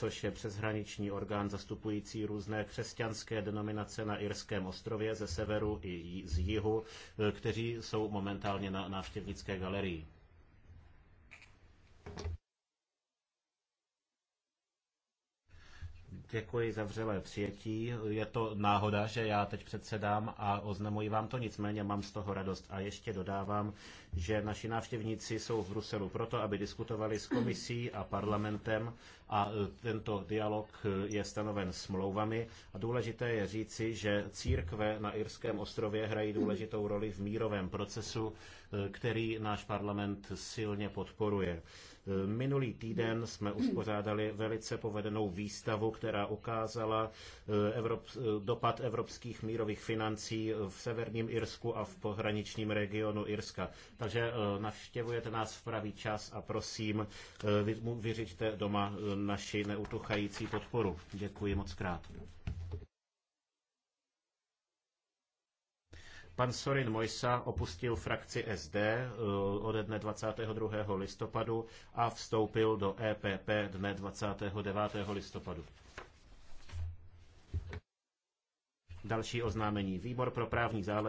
což je přeshraniční orgán zastupující různé křesťanské denominace na Irském ostrově ze severu i z jihu, e, kteří jsou momentálně na návštěvnické galerii. Děkuji za vřelé přijetí. Je to náhoda, že já teď předsedám a oznamuji vám to, nicméně mám z toho radost. A ještě dodávám, že naši návštěvníci jsou v Bruselu proto, aby diskutovali s komisí a parlamentem a e, tento dialog e, je stanoven smlouvami. A důležité je říci, že církve na Irském ostrově hrají důležitou roli v mírovém procesu, e, který náš parlament silně podporuje. Minulý týden jsme uspořádali velice povedenou výstavu, která která ukázala eh, Evrop, eh, dopad evropských mírových financí v severním Irsku a v pohraničním regionu Irska. Takže eh, navštěvujete nás v pravý čas a prosím, vyřiďte doma naši neutuchající podporu. Děkuji moc krát. Pan Sorin Mojsa opustil frakci SD ode dne 22. listopadu a vstoupil do EPP dne 29. listopadu. Další oznámení. Výbor pro právní záležitosti